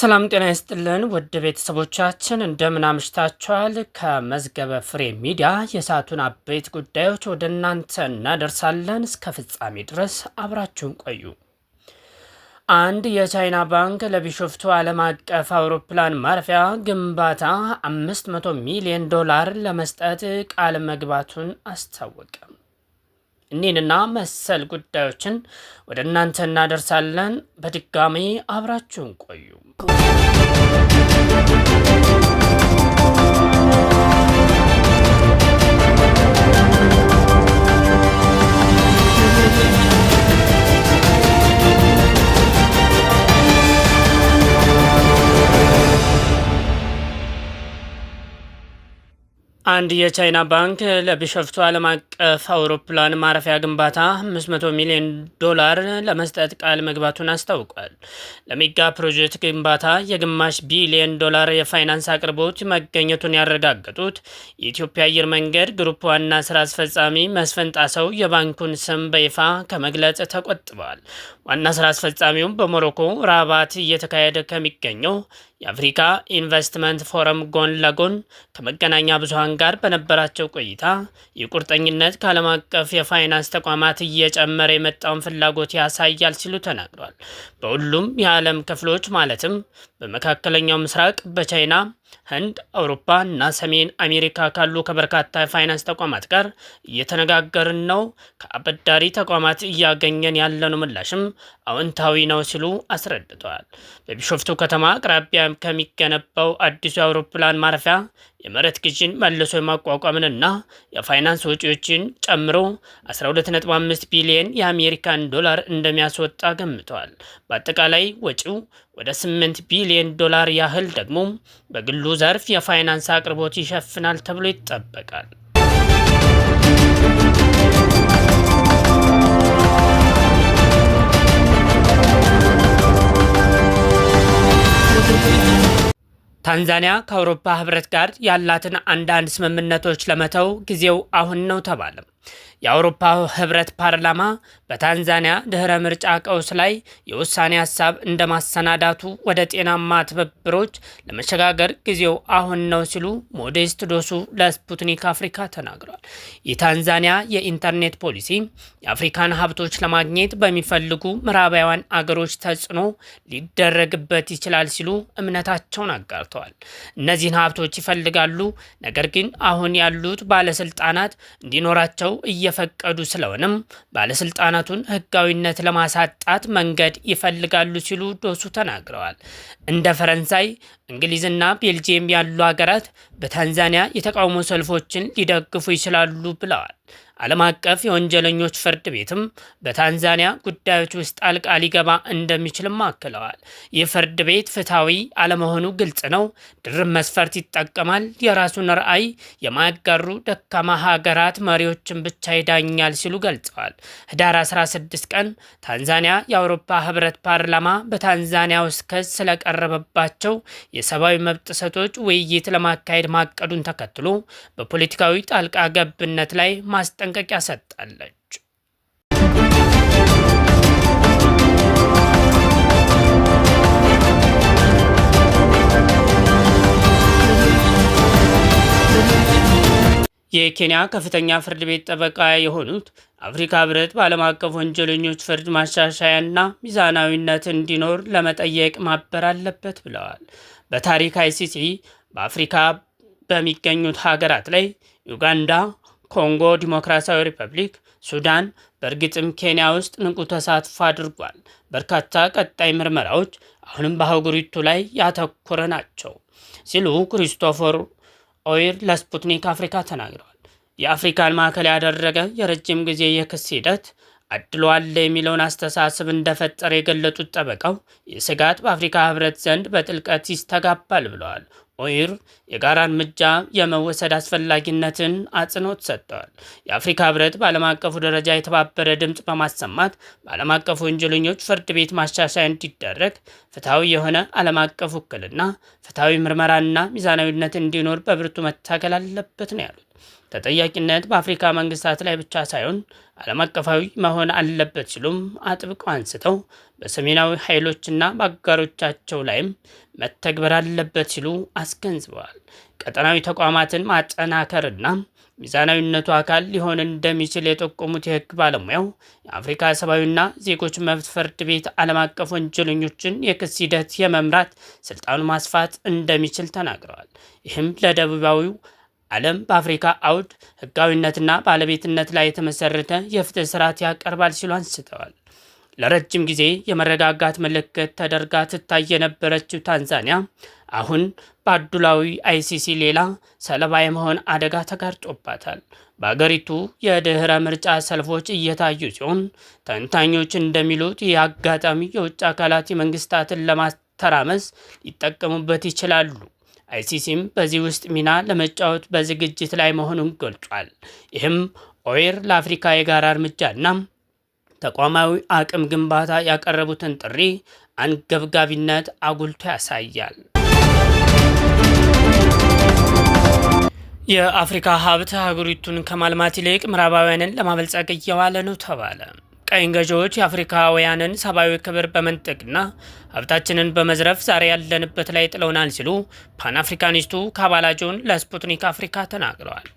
ሰላም ጤና ይስጥልን ውድ ቤተሰቦቻችን እንደምን አምሽታችኋል። ከመዝገበ ፍሬ ሚዲያ የሰዓቱን አበይት ጉዳዮች ወደ እናንተ እናደርሳለን። እስከ ፍጻሜ ድረስ አብራችሁን ቆዩ። አንድ የቻይና ባንክ ለቢሾፍቱ ዓለም አቀፍ አውሮፕላን ማረፊያ ግንባታ 500 ሚሊዮን ዶላር ለመስጠት ቃል መግባቱን አስታወቀ። እኒህንና መሰል ጉዳዮችን ወደ እናንተ እናደርሳለን። በድጋሚ አብራችሁን ቆዩ። 个。አንድ የቻይና ባንክ ለቢሾፍቱ ዓለም አቀፍ አውሮፕላን ማረፊያ ግንባታ 500 ሚሊዮን ዶላር ለመስጠት ቃል መግባቱን አስታውቋል። ለሚጋ ፕሮጀክት ግንባታ የግማሽ ቢሊዮን ዶላር የፋይናንስ አቅርቦት መገኘቱን ያረጋገጡት የኢትዮጵያ አየር መንገድ ግሩፕ ዋና ስራ አስፈጻሚ መስፍን ጣሰው የባንኩን ስም በይፋ ከመግለጽ ተቆጥበዋል። ዋና ስራ አስፈጻሚውም በሞሮኮ ራባት እየተካሄደ ከሚገኘው የአፍሪካ ኢንቨስትመንት ፎረም ጎን ለጎን ከመገናኛ ብዙሃን ጋር በነበራቸው ቆይታ የቁርጠኝነት ከዓለም አቀፍ የፋይናንስ ተቋማት እየጨመረ የመጣውን ፍላጎት ያሳያል ሲሉ ተናግሯል። በሁሉም የዓለም ክፍሎች ማለትም በመካከለኛው ምስራቅ በቻይና፣ ህንድ፣ አውሮፓ እና ሰሜን አሜሪካ ካሉ ከበርካታ የፋይናንስ ተቋማት ጋር እየተነጋገርን ነው። ከአበዳሪ ተቋማት እያገኘን ያለነው ምላሽም አዎንታዊ ነው ሲሉ አስረድተዋል። በቢሾፍቱ ከተማ አቅራቢያ ከሚገነባው አዲሱ የአውሮፕላን ማረፊያ የመሬት ግዥን መልሶ የማቋቋምንና የፋይናንስ ወጪዎችን ጨምሮ 125 ቢሊዮን የአሜሪካን ዶላር እንደሚያስወጣ ገምተዋል። በአጠቃላይ ወጪው ወደ 8 ቢሊዮን ዶላር ያህል ደግሞ በግሉ ዘርፍ የፋይናንስ አቅርቦት ይሸፍናል ተብሎ ይጠበቃል። ታንዛኒያ ከአውሮፓ ህብረት ጋር ያላትን አንዳንድ ስምምነቶች ለመተው ጊዜው አሁን ነው ተባለም። የአውሮፓ ህብረት ፓርላማ በታንዛኒያ ድኅረ ምርጫ ቀውስ ላይ የውሳኔ ሀሳብ እንደ ማሰናዳቱ ወደ ጤናማ ትብብሮች ለመሸጋገር ጊዜው አሁን ነው ሲሉ ሞዴስት ዶሱ ለስፑትኒክ አፍሪካ ተናግረዋል። የታንዛኒያ የኢንተርኔት ፖሊሲ የአፍሪካን ሀብቶች ለማግኘት በሚፈልጉ ምዕራባውያን አገሮች ተጽዕኖ ሊደረግበት ይችላል ሲሉ እምነታቸውን አጋርተዋል። እነዚህን ሀብቶች ይፈልጋሉ፣ ነገር ግን አሁን ያሉት ባለስልጣናት እንዲኖራቸው እንዲያመርተው እየፈቀዱ ስለሆነም ባለስልጣናቱን ህጋዊነት ለማሳጣት መንገድ ይፈልጋሉ ሲሉ ዶሱ ተናግረዋል። እንደ ፈረንሳይ፣ እንግሊዝና ቤልጅየም ያሉ ሀገራት በታንዛኒያ የተቃውሞ ሰልፎችን ሊደግፉ ይችላሉ ብለዋል። ዓለም አቀፍ የወንጀለኞች ፍርድ ቤትም በታንዛኒያ ጉዳዮች ውስጥ ጣልቃ ሊገባ እንደሚችልም አክለዋል። ይህ ፍርድ ቤት ፍትሐዊ አለመሆኑ ግልጽ ነው፣ ድርብ መስፈርት ይጠቀማል፣ የራሱን ራዕይ የማያጋሩ ደካማ ሀገራት መሪዎችን ብቻ ይዳኛል ሲሉ ገልጸዋል። ህዳር 16 ቀን ታንዛኒያ የአውሮፓ ህብረት ፓርላማ በታንዛኒያ ውስጥ ክስ ስለቀረበባቸው የሰብአዊ መብት ጥሰቶች ውይይት ለማካሄድ ማቀዱን ተከትሎ በፖለቲካዊ ጣልቃ ገብነት ላይ ማስጠ ማስጠንቀቂያ ሰጣለች። የኬንያ ከፍተኛ ፍርድ ቤት ጠበቃ የሆኑት አፍሪካ ህብረት በዓለም አቀፍ ወንጀለኞች ፍርድ ማሻሻያና ሚዛናዊነት እንዲኖር ለመጠየቅ ማበር አለበት ብለዋል። በታሪክ አይሲሲ በአፍሪካ በሚገኙት ሀገራት ላይ ዩጋንዳ፣ ኮንጎ ዲሞክራሲያዊ ሪፐብሊክ፣ ሱዳን፣ በእርግጥም ኬንያ ውስጥ ንቁ ተሳትፎ አድርጓል። በርካታ ቀጣይ ምርመራዎች አሁንም በአህጉሪቱ ላይ ያተኮረ ናቸው ሲሉ ክሪስቶፈር ኦይር ለስፑትኒክ አፍሪካ ተናግረዋል። የአፍሪካን ማዕከል ያደረገ የረጅም ጊዜ የክስ ሂደት አድሎ የሚለውን አስተሳሰብ እንደፈጠረ የገለጡት ጠበቃው የስጋት ስጋት በአፍሪካ ህብረት ዘንድ በጥልቀት ይስተጋባል ብለዋል። ኦይር የጋራ እርምጃ የመወሰድ አስፈላጊነትን አጽንኦት ሰጥተዋል። የአፍሪካ ህብረት በዓለም አቀፉ ደረጃ የተባበረ ድምፅ በማሰማት በዓለም አቀፉ ወንጀለኞች ፍርድ ቤት ማሻሻያ እንዲደረግ ፍትሐዊ የሆነ ዓለም አቀፍ ውክልና፣ ፍትሐዊ ምርመራና ሚዛናዊነት እንዲኖር በብርቱ መታገል አለበት ነው ያሉት። ተጠያቂነት በአፍሪካ መንግስታት ላይ ብቻ ሳይሆን ዓለም አቀፋዊ መሆን አለበት ሲሉም አጥብቀው አንስተው በሰሜናዊ ኃይሎችና በአጋሮቻቸው ላይም መተግበር አለበት ሲሉ አስገንዝበዋል። ቀጠናዊ ተቋማትን ማጠናከርና ሚዛናዊነቱ አካል ሊሆን እንደሚችል የጠቆሙት የህግ ባለሙያው የአፍሪካ ሰብአዊና ዜጎች መብት ፍርድ ቤት ዓለም አቀፍ ወንጀለኞችን የክስ ሂደት የመምራት ስልጣኑ ማስፋት እንደሚችል ተናግረዋል። ይህም ለደቡባዊው ዓለም በአፍሪካ አውድ ህጋዊነትና ባለቤትነት ላይ የተመሰረተ የፍትህ ስርዓት ያቀርባል ሲሉ አንስተዋል። ለረጅም ጊዜ የመረጋጋት ምልክት ተደርጋ ትታይ የነበረችው ታንዛኒያ አሁን በአዱላዊ አይሲሲ ሌላ ሰለባ የመሆን አደጋ ተጋርጦባታል። በአገሪቱ የድኅረ ምርጫ ሰልፎች እየታዩ ሲሆን ተንታኞች እንደሚሉት ይህ አጋጣሚ የውጭ አካላት የመንግስታትን ለማተራመስ ሊጠቀሙበት ይችላሉ። አይሲሲም በዚህ ውስጥ ሚና ለመጫወት በዝግጅት ላይ መሆኑን ገልጿል። ይህም ኦይር ለአፍሪካ የጋራ እርምጃና ተቋማዊ አቅም ግንባታ ያቀረቡትን ጥሪ አንገብጋቢነት አጉልቶ ያሳያል። የአፍሪካ ሀብት ሀገሪቱን ከማልማት ይልቅ ምዕራባውያንን ለማበልጸግ እየዋለ ነው ተባለ። ቀኝ ገዢዎች የአፍሪካውያንን ሰብአዊ ክብር በመንጠቅና ሀብታችንን በመዝረፍ ዛሬ ያለንበት ላይ ጥለውናል ሲሉ ፓን አፍሪካኒስቱ ካባላጆን ለስፑትኒክ አፍሪካ ተናግረዋል።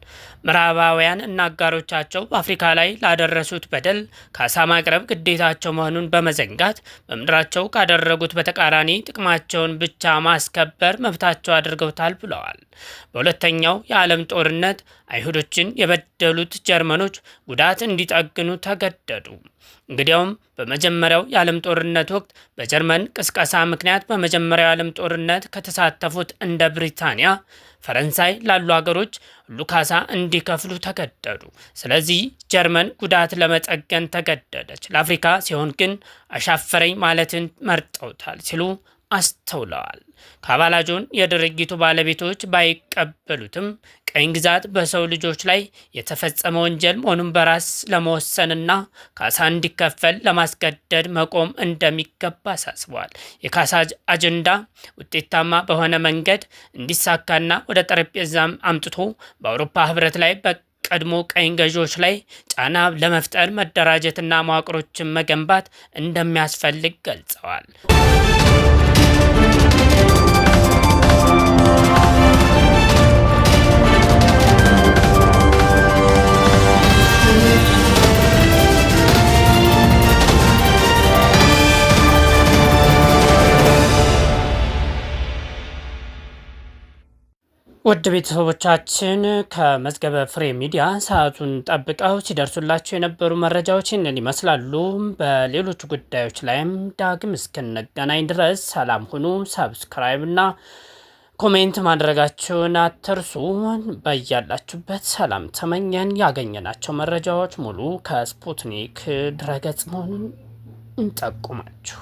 ምዕራባውያን እና አጋሮቻቸው በአፍሪካ ላይ ላደረሱት በደል ካሳ ማቅረብ ግዴታቸው መሆኑን በመዘንጋት በምድራቸው ካደረጉት በተቃራኒ ጥቅማቸውን ብቻ ማስከበር መብታቸው አድርገውታል ብለዋል። በሁለተኛው የዓለም ጦርነት አይሁዶችን የበደሉት ጀርመኖች ጉዳት እንዲጠግኑ ተገደዱ። እንግዲያውም በመጀመሪያው የዓለም ጦርነት ወቅት በጀርመን ቅስቀሳ ምክንያት በመጀመሪያው የዓለም ጦርነት ከተሳተፉት እንደ ብሪታንያ፣ ፈረንሳይ ላሉ ሀገሮች ሁሉ ካሳ እንዲከፍሉ ተገደዱ። ስለዚህ ጀርመን ጉዳት ለመጠገን ተገደደች። ለአፍሪካ ሲሆን ግን አሻፈረኝ ማለትን መርጠውታል ሲሉ አስተውለዋል። ካባላጆን የድርጊቱ ባለቤቶች ባይቀበሉትም ቀኝ ግዛት በሰው ልጆች ላይ የተፈጸመ ወንጀል መሆኑን በራስ ለመወሰንና ካሳ እንዲከፈል ለማስገደድ መቆም እንደሚገባ አሳስበዋል። የካሳ አጀንዳ ውጤታማ በሆነ መንገድ እንዲሳካና ወደ ጠረጴዛም አምጥቶ በአውሮፓ ህብረት ላይ ቀድሞ ቀኝ ገዢዎች ላይ ጫና ለመፍጠር መደራጀትና መዋቅሮችን መገንባት እንደሚያስፈልግ ገልጸዋል። ውድ ቤተሰቦቻችን ከመዝገበ ፍሬ ሚዲያ ሰዓቱን ጠብቀው ሲደርሱላቸው የነበሩ መረጃዎች ይህንን ይመስላሉ። በሌሎች ጉዳዮች ላይም ዳግም እስክንገናኝ ድረስ ሰላም ሁኑ። ሰብስክራይብ እና ኮሜንት ማድረጋችሁን አትርሱ። በያላችሁበት ሰላም ተመኘን። ያገኘናቸው መረጃዎች ሙሉ ከስፑትኒክ ድረገጽ መሆኑን እንጠቁማችሁ።